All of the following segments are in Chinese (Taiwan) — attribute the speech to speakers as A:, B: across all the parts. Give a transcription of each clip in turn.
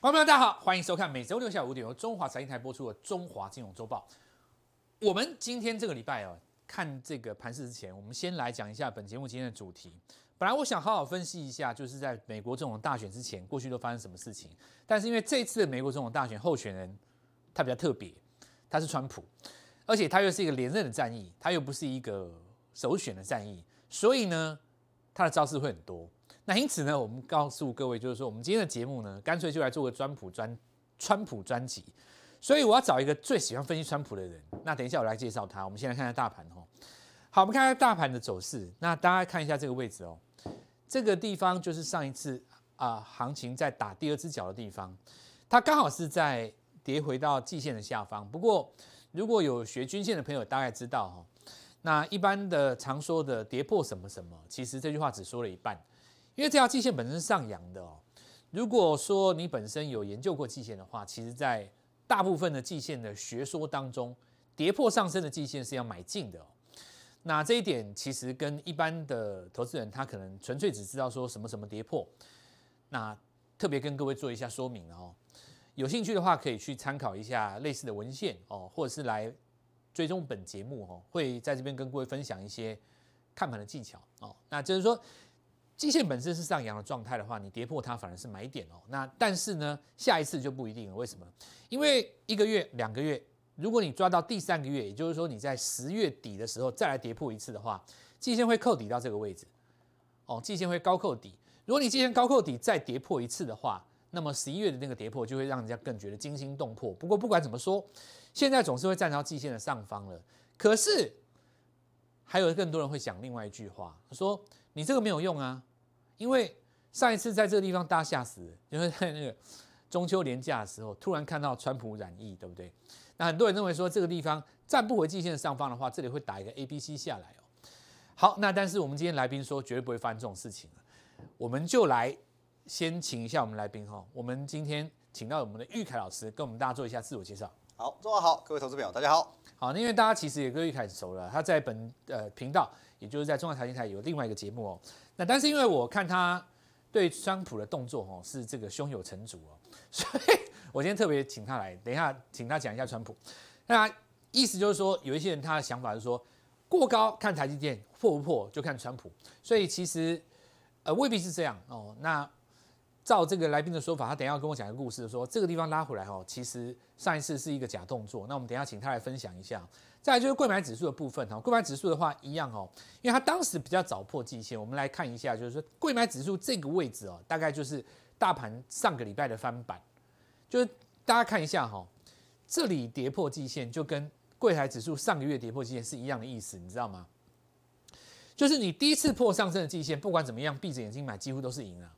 A: 朋友們，大家好，歡迎收看每周六下午五點由中華財經台播出的《中華金融周報》。我們今天這個禮拜哦，看這個盤勢之前，我們先來講一下本節目今天的主題。本來我想好好分析一下，就是在美國總統大選之前，過去都發生什麼事情。但是因為這次的美國總統大選候選人他比較特別，他是川普，而且他又是一個連任的戰役，他又不是一個首選的戰役，所以呢，他的招式會很多。那因此呢，我們告訴各位，就是說，我們今天的節目呢，乾脆就來做個川普專，專川普專輯。所以我要找一個最喜歡分析川普的人。那等一下我來介紹他。我們先來看下大盤哈。好，我們看一下大盤的走勢。那大家看一下這個位置哦，這個地方就是上一次啊、呃、行情在打第二隻腳的地方，它剛好是在跌回到季線的下方。不過如果有學均線的朋友大概知道哈，那一般的常說的跌破什麼什麼，其實這句話只說了一半。因為這條季線本身是上揚的哦。如果說你本身有研究過季線的話，其實，在大部分的季線的學說當中，跌破上升的季線是要買進的哦。那這一點其實跟一般的投資人他可能純粹只知道說什麼什麼跌破。那特別跟各位做一下說明哦。有興趣的話可以去參考一下類似的文獻哦，或者是來追蹤本節目哦，會在這邊跟各位分享一些看盤的技巧哦。那就是說。季線本身是上揚的狀態的話，你跌破它反而是買點哦。那但是呢，下一次就不一定了。為什麼？因為一個月、兩個月，如果你抓到第三個月，也就是說你在十月底的時候再來跌破一次的話，季線會扣底到這個位置哦。季線會高扣底。如果你季線高扣底再跌破一次的話，那麼十一月的那個跌破就會讓人家更覺得驚心動魄。不過不管怎麼說，現在總是會站到季線的上方了。可是還有更多人會講另外一句話，他說：“你這個沒有用啊。”因為上一次在這個地方大家嚇死，就是在那個中秋連假的時候，突然看到川普染疫，對不對？那很多人認為說，這個地方站不回季線的上方的話，這裡會打一個 A、B、C 下來哦。好，那但是我們今天來賓說，絕對不會發生這種事情了。我們就來先請一下我們來賓哈、哦，我們今天請到我們的玉凱老師，跟我們大家做一下自我介紹。
B: 好，中午好，各位投資朋友，大家好
A: 好。那因為大家其實也跟玉凱很熟了，他在本呃頻道，也就是在中央財經台有另外一個節目哦。那但是因為我看他對川普的動作，哦，是這個胸有成竹哦，所以我今天特別請他來，等一下請他講一下川普。那意思就是說，有一些人他的想法是說，過高看台積電破不破就看川普，所以其實呃未必是這樣哦。那照這個來賓的說法，他等一下要跟我講一個故事，說這個地方拉回來哦，其實上一次是一個假動作。那我們等一下請他來分享一下。再來就是櫃買指數的部分哈，櫃買指數的話一樣哦，因為他當時比較早破季線。我們來看一下，就是說櫃買指數這個位置哦，大概就是大盤上個禮拜的翻版。就是大家看一下哈，這裡跌破季線就跟櫃台指數上個月跌破季線是一樣的意思，你知道嗎？就是你第一次破上升的季線，不管怎麼樣，閉着眼睛買幾乎都是贏了。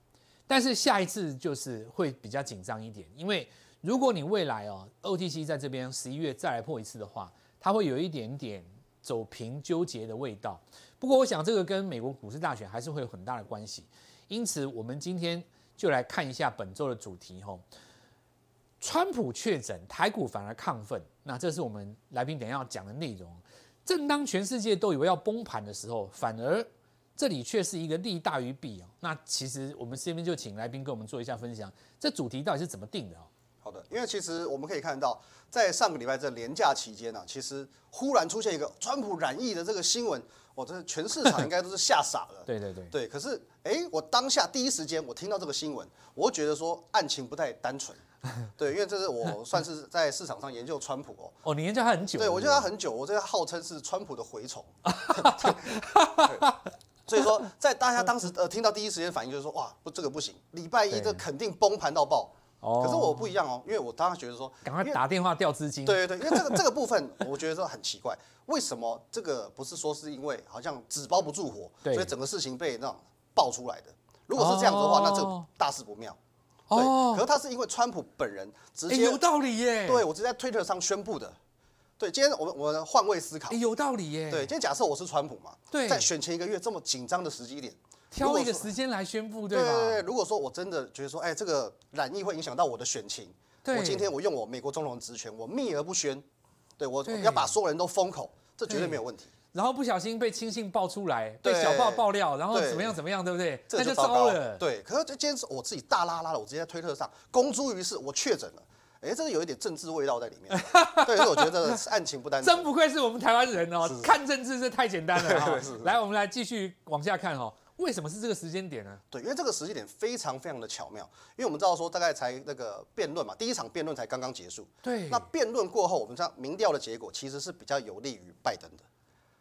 A: 但是下一次就是會比較緊張一點，因為如果你未來哦，OTC 在這邊十一月再來破一次的話，它會有一點點走平糾結的味道。不過我想這個跟美國股市大選還是會有很大的關係。因此，我們今天就來看一下本周的主題吼、哦、川普確診，台股反而亢奮。那這是我們來賓等下要講的內容。正當全世界都以為要崩盤的時候，反而。這裡卻是一個利大於弊哦。那其實我們先邊就請來賓跟我們做一下分享，這主題到底是怎麼定的、哦、
B: 好的，因為其實我們可以看到，在上個禮拜這連假期間呢、啊，其實忽然出現一個川普染疫的這個新聞，我這全市場應該都是嚇傻了。
A: 對對對，
B: 對。可是，哎，我當下第一時間我聽到這個新聞，我覺得說案情不太單純。 對，因為這是我算是在市場上研究川普哦。
A: 哦，你研究他很久。對，吧我研究他
B: 很久，我這個號稱是川普的蛔蟲。所以說，在大家當時呃聽到第一時間反應就是說，哇，不這個不行，禮拜一這肯定崩盤到爆。可是我不一樣哦，因為我當時覺得說，趕快打
A: 電話調資金。對對對，因為這個
B: 這個部分，我覺得很奇怪，為什麼這個不是說是因為好像紙包不住火，所以整個事情被那種爆出來的？
A: 如果是這樣子的話，那這個大事不妙。對。可是他
B: 是因為川普本人直接有道理耶。對，我直接在 Twitter 上宣布的。對，今天我們我們換位思考、欸，有道理耶。對，今天假設我是川普嘛，對在選前一個月這麼緊張的時機點，挑一個時
A: 間來宣布，對吧？對對
B: 對。如果說我真的覺得說，哎、欸，這個染疫會影響到我的選情，對我今天我用我美國總統的職權，我秘而不宣，對，對我要把所有人都封口，這絕對沒有問題。然後不小心被親信爆出來，對小報爆，爆
A: 料，然後怎麼樣怎麼樣，對不對？對那就糟了。對，
B: 可是這今天是我自己大拉拉了，我直接在推特上公諸於世，我確診了。哎，這個、欸、有一點政治味道在裡面。
A: 對，所以我覺得這是案情不單純。真不愧是我們台灣人哦、喔，是是看政治這太簡單了。對哦、是是來，我們來繼續往下看哦、喔。為什麼是這個時間點呢？
B: 對，因為這個時間點非常非常的巧妙。因為我們知道說，大概才那個辯論嘛，第一場辯論才剛剛結束。對。那辯論過後，我們知道民調的結果其實是比較有利於拜登的。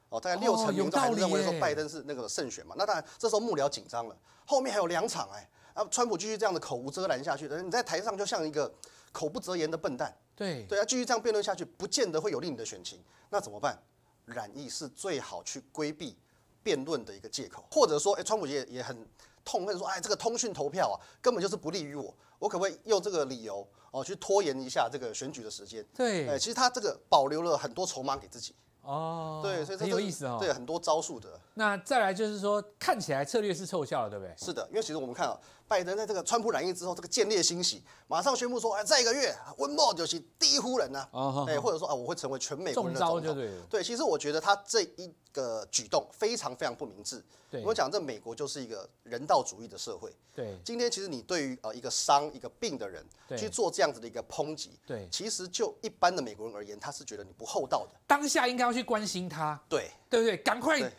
B: 哦、喔，大概六成民眾還認為說拜登是那個勝選嘛。哦欸、那當然，這時候幕僚緊張了。後面還有兩場哎、欸，啊，川普繼續這樣的口無遮攔下去，你在台上就像一個口不擇言的笨蛋對，對對，要繼續這樣辯論下去，不見得會有利你的選情。那怎麼辦？染疫是最好去規避辯論的一個借口，或者說，哎，川普也也很痛恨說，哎，這個通訊投票啊，根本就是不利於我，我可不可以用這個理由哦去拖延一下這個選舉的時間？對，哎，其實他這個保留了很多籌碼給自己。
A: 哦，對，所以這、就是、很有意思哦，對，
B: 很多招數的。
A: 那再來就是說，看起
B: 來策略是奏效了，對不對？是的，因為其實我們看啊。拜登在這個川普染疫之後，這個見獵心喜，馬上宣布說，哎，再一個月，one more 就是第一夫人了，啊，哎，oh, oh, oh. 或者說啊，我會成為全美國人的總統。對，對，其實我覺得他這一個舉動非常非常不明智。我講對這美國就是一個人道主義的社會。對，今天其實你對於呃一個傷、一個病的人對去做這樣子的一個抨擊，對，其實就一般的美國人而言，他是覺得你不厚道的，
A: 當下應該要去關心他。對，對不對，對？趕快。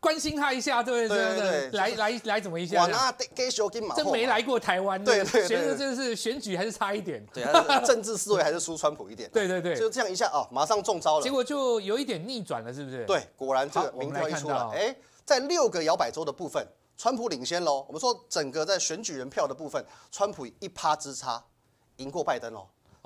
A: 關心他一下，對對對，來來來，怎麼一下？我那得給說給馬。真沒來過台灣，對對，覺得真是選舉還是差一點，
B: 對，政治思維還是輸川普一點。對對對，就這樣一下，哦，馬上中招了，結果就
A: 有一點逆轉了，是不是？對，果然這個民調一出來，哎，
B: 在六個搖擺州的部分，川普領先嘍。我們說整個在選舉人票的部分，川普一趴之差贏過拜登嘍。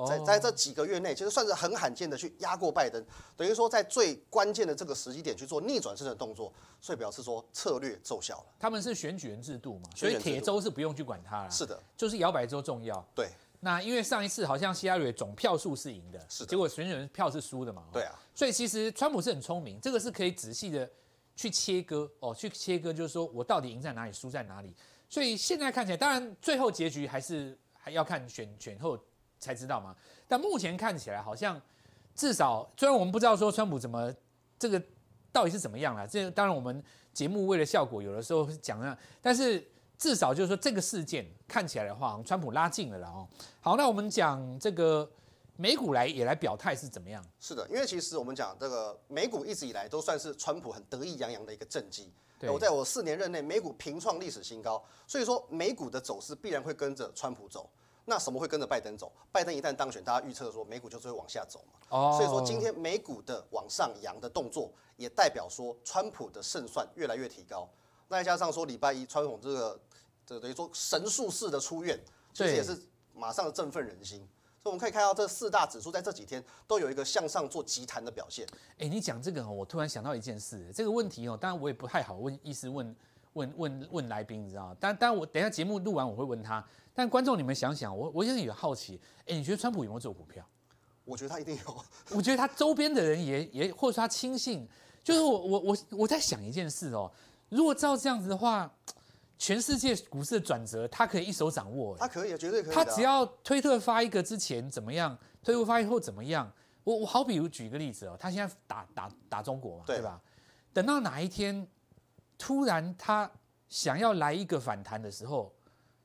B: 在在這幾個月內，其實算是很罕見的去壓過拜登，等於說在最關鍵的這個時機點去做逆轉式的動作，所以表示說策略奏效了。
A: 他們是選舉人制度嘛，所以鐵州是不用去管他了。是的，就是搖擺州重要。對，那因為上一次好像希拉蕊總票數是贏的，是的，結果選舉人票是輸的嘛。對啊，所以其實川普是很聰明，這個是可以仔細的去切割哦，去切割就是說我到底贏在哪裡，輸在哪裡。所以現在看起來，當然最後結局還是還要看選選後。才知道嗎？但目前看起來好像，至少雖然我們不知道說川普怎麼這個到底是怎麼樣啦。這當然我們節目為了效果，有的時候會講啊。但是至少就是說這個事件看起來的話，川普拉近了啦哦。好，那我們講這個美股來也來表態是怎麼樣？
B: 是的，因為其實我們講這個美股一直以來都算是川普很得意洋洋的一個政績。對，我在我四年任內，美股平創歷史新高，所以說美股的走勢必然會跟着川普走。那什麼會跟着拜登走？拜登一旦當選，大家預測說美股就是會往下走嘛。
A: 哦。Oh, 所以說今天
B: 美股的往上揚的動作，也代表說川普的勝算越來越提高。那再加上說禮拜一川普這個，這等於說神速式的出院，對其實也是馬上振奮人心。所以我們可以看到這四大指數在這幾天都有一個向上做急彈的表現。
A: 誒、欸，你講這個，我突然想到一件事，這個問題哦，當然我也不太好問，意思問。問問問來賓，你知道嗎？但但我等一下節目錄完我會問他。但觀眾你們想想，我我現在也好奇，哎、欸，你覺得川普有沒有做股票？
B: 我覺得他一定
A: 有。我覺得他周邊的人也也，或者他親信，就是我我我我在想一件事哦、喔，如果照這樣子的話，全世界股市的轉折他可以一手掌握。他
B: 可以，絕對可以。啊、他只要
A: 推特發一個之前怎麼樣，推特發一個後怎麼樣？我我好比如舉一個例子哦、喔，他現在打打打中國嘛，對，對吧？等到哪一天？突然，他想要來一個反彈的時候，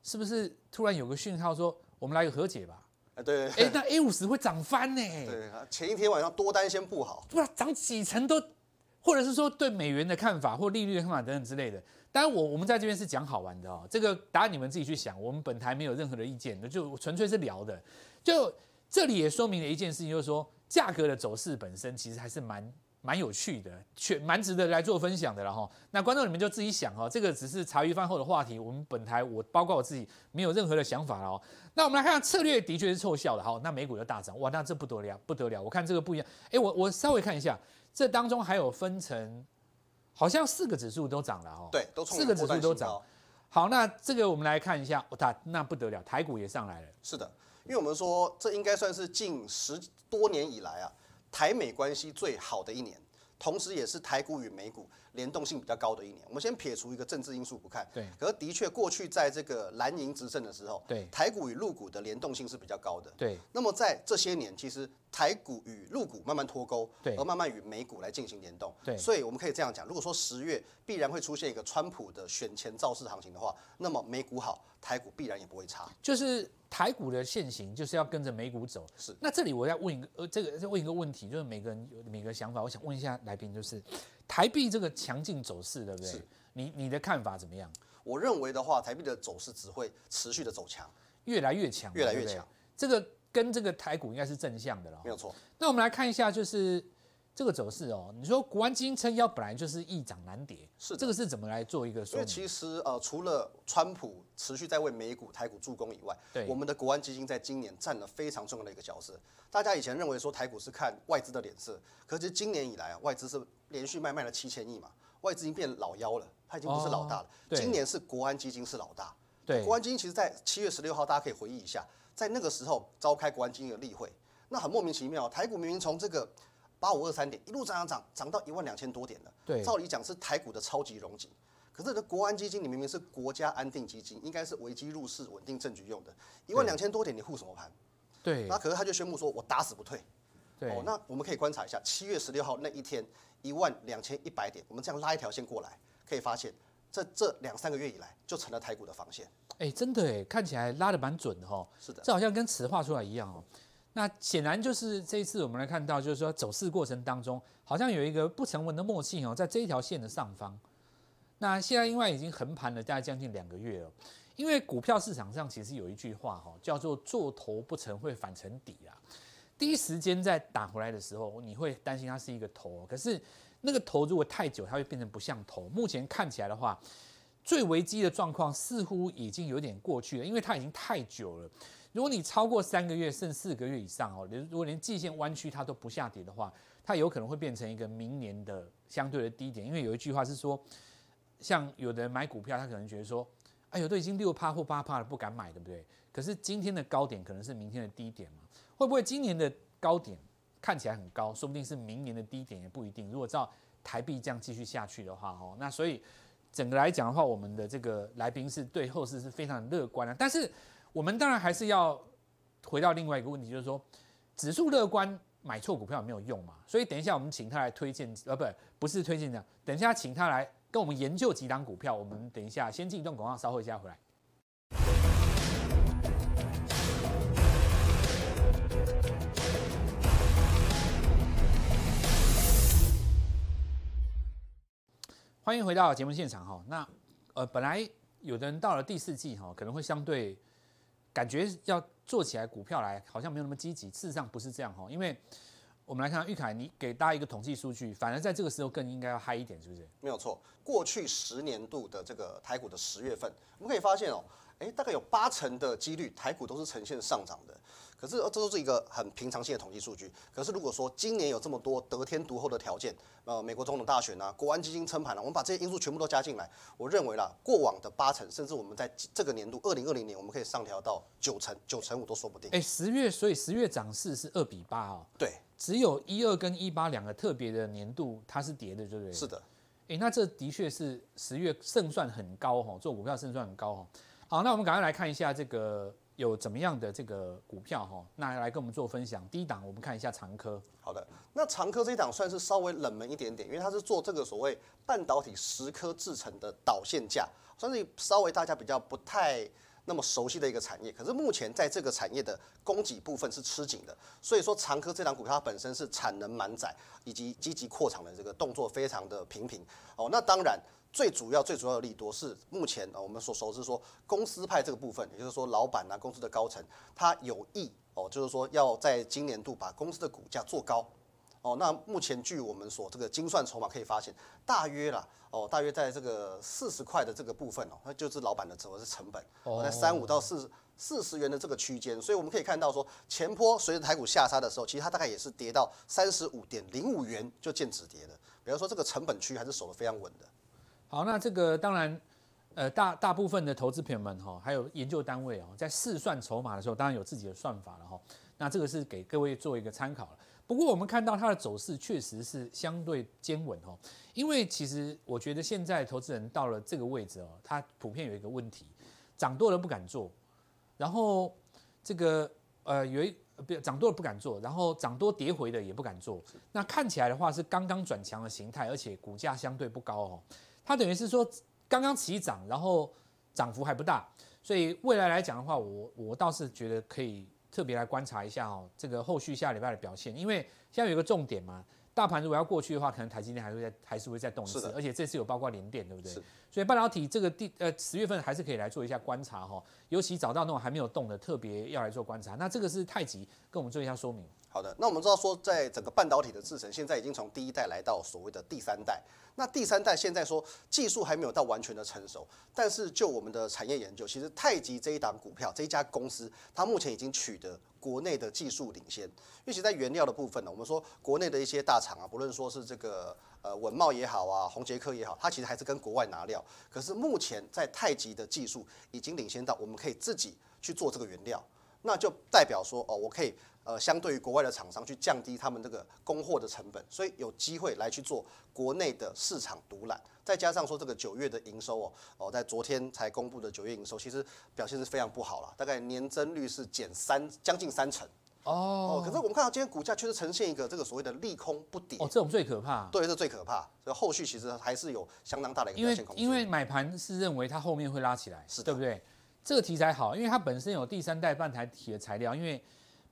A: 是不是突然有個訊號說我們來個和解吧？哎，對，對，哎、欸，那 A 五十會漲翻呢、欸？對啊，前一天晚上多單先布好，不知道漲幾成都，或者是說對美元的看法或利率的看法等等之類的。當然，我我們在這邊是講好玩的哦，這個答案你們自己去想，我們本台沒有任何的意見，就純粹是聊的。就這裡也說明了一件事情，就是說價格的走勢本身其實還是蠻。蠻有趣的，卻蠻值得來做分享的了哈。那觀眾你們就自己想哦，這個只是茶餘飯後的話題。我們本台我包括我自己沒有任何的想法哦。那我們來看，看策略的確是湊效的哈。那美股就大漲哇，那這不得了不得了。我看這個不一樣，哎、欸，我我稍微看一下，這當中還有分成，好像四個指數都漲了哦。對，都、哦、四個指數都漲。好，那這個我們來看一下，我打那不得了，台股也上來了。是的，
B: 因為我們說這應該算是近十多年以來啊。台美關係最好的一年，同時也是台股與美股聯動性比較高的一年。我們先撇除一個政治因素不看，對。可是的確，過去在這個藍營執政的時候，對台股與陸股的聯動性是比較高的，對。那麼在這些年，其實。台股與陸股慢慢脫鈎，對而慢慢與美股來進行聯動。對，所以我們可以這樣講：如果說十月必然會出現一個川普的選前造勢行情的話，那麼美股好，台股必然也不會差。
A: 就是台股的線型就是要跟着美股走。是那這裡我要問一個，呃，這個問一個問題，就是每個人有每個想法，我想問一下來賓，就是台幣這個強勁走勢，對不對？是你你的看法怎麼樣？
B: 我認為的話，台幣的走勢只會持續的走強，
A: 越來越強，越來越強。這個。跟這個台股應該是正向的了。哦，沒有錯。那我們來看一下，就是這個走勢哦。你說國安基金撐腰，本來就是易漲難跌，是的這個是怎麼來做一個說明？所以
B: 其實呃，除了川普持續在為美股、台股助攻以外，對我們的國安基金在今年占了非常重要的一個角色。大家以前認為說台股是看外資的臉色，可是其實今年以來啊，外資是連續賣賣了七千億嘛，外資已經變老幺了，它已經不是老大了。哦、今年是國安基金是老大。對，國安基金其實在七月十六號，大家可以回憶一下。在那個時候召開國安基金的例會，那很莫名其妙。台股明明從這個八五二三點一路漲漲漲，漲到一萬兩千多點了。對，照理講是台股的超級榮景，可是這國安基金你明明是國家安定基金，應該是危機入市、穩定政局用的，一對萬兩千多點你護什麼盤？
A: 對。那可
B: 是他就宣布說，我打死不退。
A: 對、哦。那
B: 我們可以觀察一下，七月十六號那一天，一萬兩千一百點，我們這樣拉一條線過來，可以發現。這這兩三個月以來，就成了台股的防線。
A: 哎，真的誒，看起來拉得蠻準的哈、哦。是的，這好像跟尺畫出來一樣哦。那顯然就是這一次我們來看到，就是說走勢過程當中，好像有一個不成文的默契哦，在這一條線的上方。那現在因為已經橫盤了大概將近兩個月了、哦。因為股票市場上其實有一句話哈、哦，叫做“做頭不成會反成底”啊。第一時間在打回來的時候，你會擔心它是一個頭、哦，可是。那個頭如果太久，它會變成不像頭。目前看起來的話，最危機的狀況似乎已經有點過去了，因為它已經太久了。如果你超過三個月，甚至四個月以上哦，連如果連季線彎曲它都不下跌的話，它有可能會變成一個明年的相對的低點。因為有一句話是說，像有的人買股票，他可能覺得說，哎喲，都已經六趴或八趴了，不敢買，對不對？可是今天的高點可能是明天的低點嘛。會不會今年的高點？看起來很高，說不定是明年的低點也不一定。如果照台幣這樣繼續下去的話，哦，那所以整個來講的話，我們的這個來賓是對後市是非常樂觀的。但是我們當然還是要回到另外一個問題，就是說指數樂觀，買錯股票沒有用嘛。所以等一下我們請他來推薦，呃，不是，不是推薦這樣。等一下請他來跟我們研究幾檔股票。我們等一下先進一段廣告，稍後一下回來。歡迎回到節目現場哈，那呃本來有的人到了第四季哈，可能會相對感覺要做起來股票來好像沒有那麼積極，事實上不是這樣哈，因為我們來看看鈺凱，你給大家一個統計數據，反而在這個時候更應該要嗨一點，是不是？
B: 沒有錯，過去十年度的這個台股的十月份，我們可以發現哦，誒，大概有八成的幾率台股都是呈現上漲的。可是，這都是一個很平常性的統計數據。可是，如果說今年有這麼多得天獨厚的條件，呃，美國總統大選呢、啊，國安基金撐盤了，我們把這些因素全部都加進來，我認為啦，過往的八成，甚至我們在這個年度二零二零年，我們可以上調到九成、九成五都說不定。哎、欸，
A: 十月，所以十月漲勢是二比八啊、喔。對，只有一二跟一八兩個特別的年度它是跌的，對不對？是的。哎、欸，那這的確是十月勝算很高哈、喔，做股票勝算很高哈、喔。好，那我們趕快來看一下這個。有怎麼樣的這個股票哈？那來跟我們做分享。第一檔，我們看一下長科。好的，那長科這一檔算是
B: 稍微冷門一點點，因為它是做這個所謂半導體蝕刻製程的導線架，算是稍微大家比較不太那麼熟悉的一個產業。可是目前在這個產業的供給部分是吃緊的，所以說長科這檔股票它本身是產能滿載，以及積極擴廠的這個動作非常的頻頻。哦，那當然。最主要、最主要的利多是目前啊，我們所熟知說公司派這個部分，也就是說老闆啊、公司的高層他有意哦，就是說要在今年度把公司的股價做高哦。那目前據我們所這個精算籌碼可以發現，大約啦哦，大約在這個四十塊的這個部分哦，那就是老闆的指的是成本哦，在三五到四四十元的這個區間，所以我們可以看到說前波隨着台股下殺的時候，其實它大概也是跌到三十五點零五元就見止跌的。比方說這個成本區還是守得非常穩的。
A: 好，那這個當然，呃，大大部分的投資朋友們哈、哦，還有研究單位哦，在試算籌碼的時候，當然有自己的算法了哈、哦。那這個是給各位做一個參考了。不過我們看到它的走勢確實是相對堅穩哈、哦，因為其實我覺得現在投資人到了這個位置哦，它普遍有一個問題，漲多了不敢做，然後這個呃，有一漲多了不敢做，然後漲多跌回的也不敢做。那看起來的話是剛剛轉強的形態，而且股價相對不高哦。它等於是說剛剛起漲，然後漲幅還不大，所以未來來講的話，我我倒是覺得可以特別來觀察一下哦，這個後續下禮拜的表現，因為現在有一個重點嘛，大盤如果要過去的話，可能台積電還會再還是會再動一次，是的 而且這次有包括聯電，對不對？是的 所以半導體這個第呃，十月份還是可以來做一下觀察哈，尤其找到那種還沒有動的，特別要來做觀察。那這個是太極跟我們做一下說明。好的，那我們知道
B: 說，在整個半導體的制程，現在已經從第一代來到所謂的第三代。那第三代現在說技術還沒有到完全的成熟，但是就我們的產業研究，其實太極這一檔股票這一家公司，它目前已經取得國內的技術領先。尤其在原料的部分呢，我們說國內的一些大廠啊，不論說是這個呃，穩懋也好啊，宏捷科也好，它其實還是跟國外拿料。可是目前在太極的技術已經領先到我們可以自己去做這個原料，那就代表說哦，我可以。呃，相對於國外的廠商去降低他們這個供貨的成本，所以有機會來去做國內的市場獨攬。再加上說這個九月的營收哦，哦，在昨天才公布的九月營收，其實表現是非常不好啦，大概年增率是減三將近三成。哦，哦。可是我們看到今天股價確實呈現一個這個所謂的利空不跌哦，這種最可怕。對，是最可怕。所以後續其實還是有相當大的一個風險控
A: 制。因為，因為買盤是認為它後面會拉起來，是的對不對？這個題材好，因為它本身有第三代半導體的材料，因為。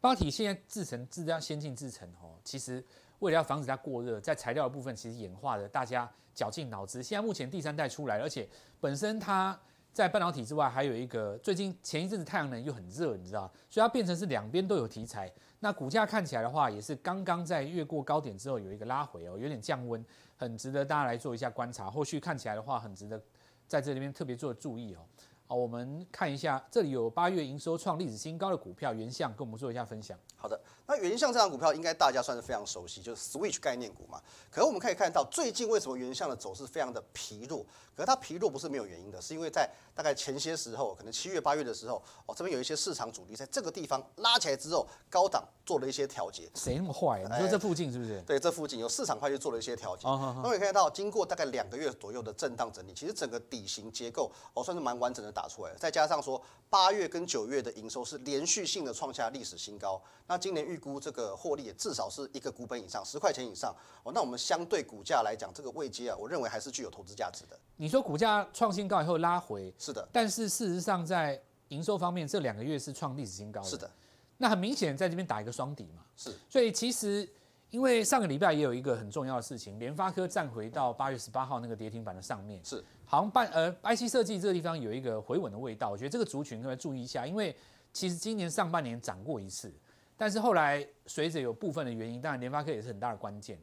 A: 半導體現在製程，製造先進製程，其實為了要防止它過熱，在材料的部分其實演化的大家絞盡腦汁。現在目前第三代出來了，而且本身它在半導體之外還有一個，最近前一陣子太陽能又很熱，你知道，所以它變成是兩邊都有題材。那股價看起來的話，也是剛剛在越過高點之後有一個拉回哦，有點降溫，很值得大家來做一下觀察。後續看起來的話，很值得在這裡面特別做注意哦。好，我們看一下，這裡有八月營收創歷史新高的股票，原相跟我們做一下分享。好的。
B: 那原相這檔股票應該大家算是非常熟悉，就是 Switch 概念股嘛。可是我們可以看到，最近為什麼原相的走勢非常的疲弱？可是它疲弱不是沒有原因的，是因為在大概前些時候，可能七月八月的時候，哦，這邊有一些市場主力在這個地方拉起來之後，高檔做了一些調節。
A: 誰那麼壞？你說這附近是不是？哎、
B: 對，這附近有市場快去做了一些調節。哦哦哦，那我們可以看到，經過大概兩個月左右的震盪整理，其實整個底型結構哦，算是蠻完整的打出來了。再加上說，八月跟九月的營收是連續性的創下歷史新高。那今年預預估這個獲利也至少是一個股本以上，十塊錢以上哦。那我們相對股價來講，這個位階啊，我認為還是具有投資價值的。
A: 你說股價創新高以後拉回，是的。但是事實上，在營收方面，這兩個月是創歷史新高。是的。那很明顯，在這邊打一個雙底嘛。是。所以其實，因為上個禮拜也有一個很重要的事情，聯發科站回到八月十八號那個跌停板的上面。是。好像半呃，IC 設計這個地方有一個回穩的味道，我覺得這個族群各位注意一下，因為其實今年上半年漲過一次。但是後來隨着有部分的原因，當然聯發科也是很大的關鍵，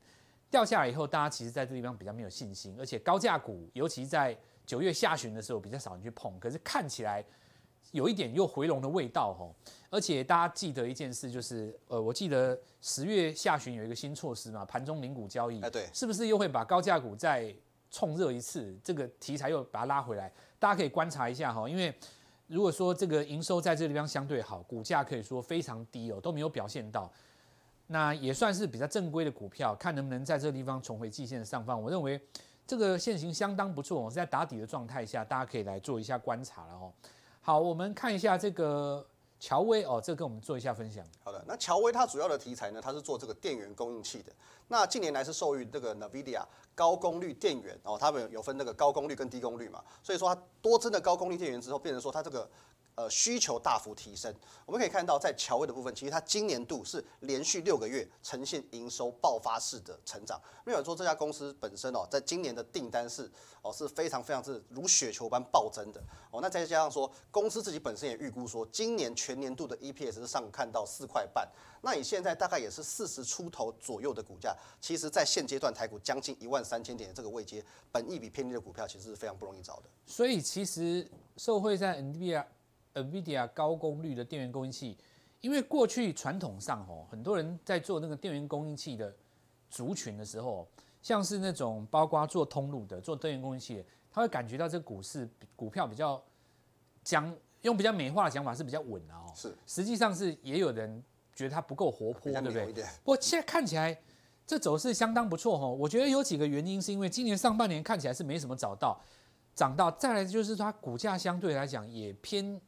A: 掉下來以後，大家其實在這地方比較沒有信心，而且高價股，尤其在九月下旬的時候比較少人去碰，可是看起來有一點又回籠的味道吼、哦。而且大家記得一件事，就是呃，我記得十月下旬有一個新措施嘛，盤中零股交易，啊對，是不是又會把高價股再衝熱一次？這個題材又把它拉回來，大家可以觀察一下哈、哦，因為。如果說這個營收在這個地方相對好，股價可以說非常低哦，都沒有表現到，那也算是比較正規的股票，看能不能在這個地方重回季線的上方。我認為這個線型相當不錯，我是在打底的狀態下，大家可以來做一下觀察了哦。好，我們看一下這個。喬威哦，這個跟我們做一下分享。好
B: 的，那喬威它主要的題材呢，它是做這個電源供應器的。那近年來是受益這個 NVIDIA 高功率電源哦，他們有分那個高功率跟低功率嘛，所以說它多增的高功率電源之後，變成說它這個。呃，需求大幅提升，我們可以看到在橋位的部分，其實它今年度是連續六個月呈現營收爆發式的成長。沒有說這家公司本身哦，在今年的訂單是哦是非常非常之如雪球般暴增的哦。那再加上說公司自己本身也預估說今年全年度的 EPS 是上看到四塊半，那你現在大概也是四十出頭左右的股價，其實，在現階段台股將近一萬三千點這個位階，本益比偏低的股票其實是非常不容易找的。
A: 所以其實受惠在 NBR NVIDIA 高功率的電源供應器，因為過去傳統上吼，很多人在做那個電源供應器的族群的時候，像是那種包括做通路的、做電源供應器的，他會感覺到這股市股票比較講用比較美化的講法是比較穩的哦。是，實際上是也有人覺得它不夠活潑，對不對？不過現在看起來這走勢相當不錯吼。我覺得有幾個原因，是因為今年上半年看起來是沒什麼找到，漲到，再來就是它股價相對來講也偏。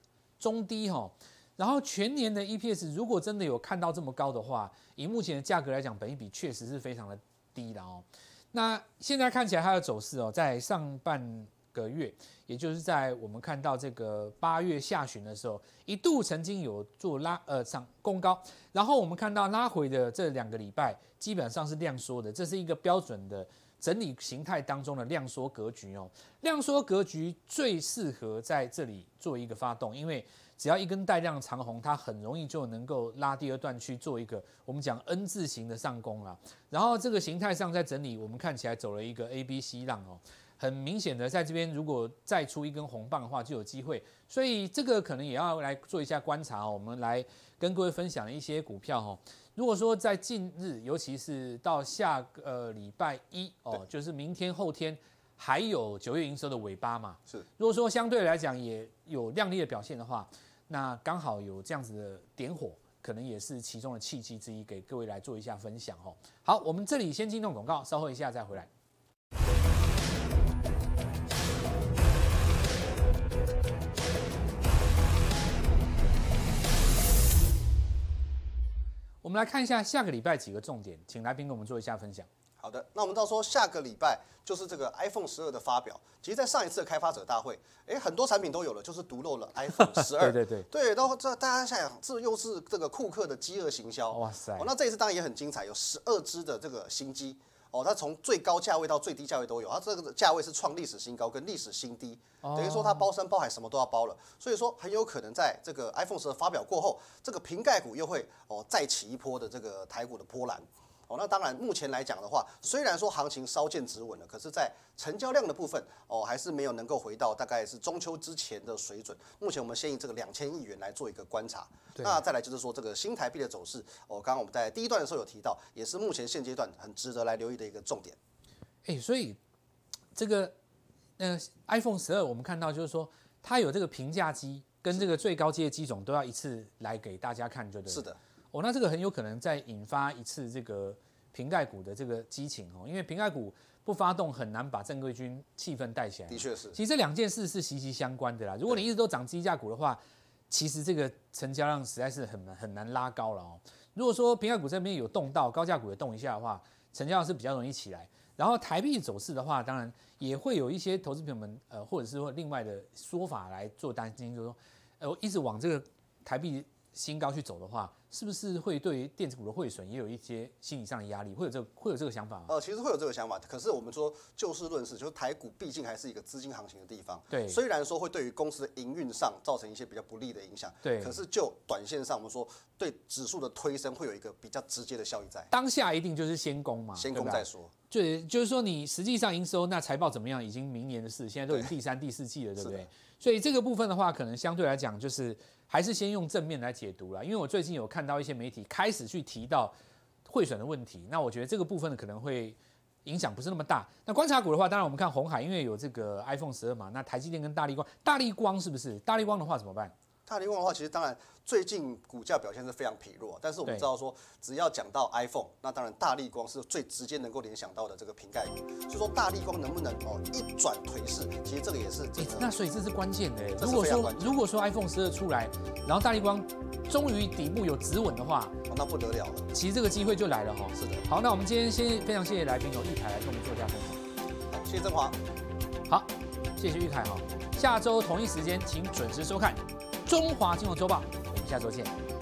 A: 中低吼、哦，然後全年的 EPS 如果真的有看到這麼高的話，以目前的價格來講，本益比確實是非常的低的哦。那現在看起來它的走勢哦，在上半個月，也就是在我們看到這個八月下旬的時候，一度曾經有做拉呃上攻高，然後我們看到拉回的這兩個禮拜，基本上是量縮的，這是一個標準的。整理形態當中的量縮格局哦、喔，量縮格局最適合在這裡做一個發動，因為只要一根帶量長紅，它很容易就能夠拉第二段去做一個我們講 N 字型的上攻啊，然後這個形態上在整理，我們看起來走了一個 A B C 浪，哦、喔，很明顯的在這邊如果再出一根紅棒的話，就有機會。所以這個可能也要來做一下觀察、喔。我們來跟各位分享一些股票。哦、喔。如果說在近日，尤其是到下個禮拜一對哦，就是明天後天，還有九月營收的尾巴嘛，是。如果說相對來講也有亮麗的表現的話，那剛好有這樣子的點火，可能也是其中的契機之一，給各位來做一下分享哦。好，我們這裡先進入廣告，稍後一下再回來。我們來看一下下個禮拜幾個重點，請來賓跟我們做一下分享。好
B: 的，那我們到時候下個禮拜就是這個 iPhone 十二的發表。其實，在上一次的開發者大會，哎，很多產品都有了，就是獨漏了 iPhone 十二。 對對對。對，然後這大家想想，這又是這個庫克的饑餓行銷。哇塞、哦！那這一次當然也很精彩，有十二支的這個新機。哦，它從最高價位到最低價位都有，它這個價位是創歷史新高跟歷史新低，哦、等於說它包山包海什麼都要包了，所以說很有可能在這個 iPhone 十二發表過後，這個蘋概股又會哦再起一波的這個台股的波瀾。哦，那當然，目前來講的話，雖然說行情稍見止穩了，可是，在成交量的部分，哦，還是沒有能夠回到大概是中秋之前的水準。目前我們先以這個兩千億元來做一個觀察。對那再來就是說，這個新台幣的走勢，哦，剛剛我們在第一段的時候有提到，也是目前現階段很值得來留意的一個重點。
A: 哎，所以這個，呃、iPhone 十二，我們看到就是說，它有這個平價機跟這個最高階的機種都要一次來給大家看就對，對不對？是的。哦，那這個很有可能再引發一次這個蘋概股的這個激情哦，因為蘋概股不發動，很難把正規軍氣氛帶起來。的確確，是。其實這兩件事是息息相關的啦。如果你一直都漲高價股的話，對 其實這個成交量實在是很難很難拉高了哦。如果說蘋概股這邊有動到高價股也動一下的話，成交量是比較容易起來。然後台幣走勢的話，當然也會有一些投資朋友們呃，或者是另外的說法來做擔心，就是說，呃，我一直往這個台幣。新高去走的話，是不是會對電子股的匯損也有一些心理上的壓力？會有這個、會有這個想法嗎？
B: 呃，其實會有這個想法，可是我們說就事論事，就是台股畢竟還是一個資金行情的地方。對，雖然說會對於公司的營運上造成一些比較不利的影響。對，可是就短線上，我們說對指數的推升會有一個比較直接的效益在。
A: 當下一定就是先攻嘛，先攻再說對。對，就是說你實際上營收那財報怎麼樣，已經明年的事，現在都已經第三、對第四季了，對不對？的所以這個部分的話，可能相對來講就是。還是先用正面來解讀啦，因為我最近有看到一些媒體開始去提到匯損的問題，那我覺得這個部分可能會影響不是那麼大。那觀察股的話，當然我們看鴻海，因為有這個 iPhone 十二嘛，那台積電跟大立光，大立光是不是？大立光的話怎麼辦？
B: 大力光的話，其實當然最近股價表現是非常疲弱，但是我們知道說，只要講到 iPhone，那當然大力光是最直接能夠聯想到的這個品牌。所以說大力光能不能哦一轉頹勢，其實這個也是。那所
A: 以這是關鍵的。如果說如果說 iPhone 十二出來，然後大力光終於底部有止穩的話，那不得了了。其實這個機會就來了哈、喔。是的。好，那我們今天先非常謝謝來賓由玉凱來跟我們做一下分享。好，謝謝曾華。好，謝謝玉凱哈。下週同一時間，請準時收看。中華金融週報，我們下週見。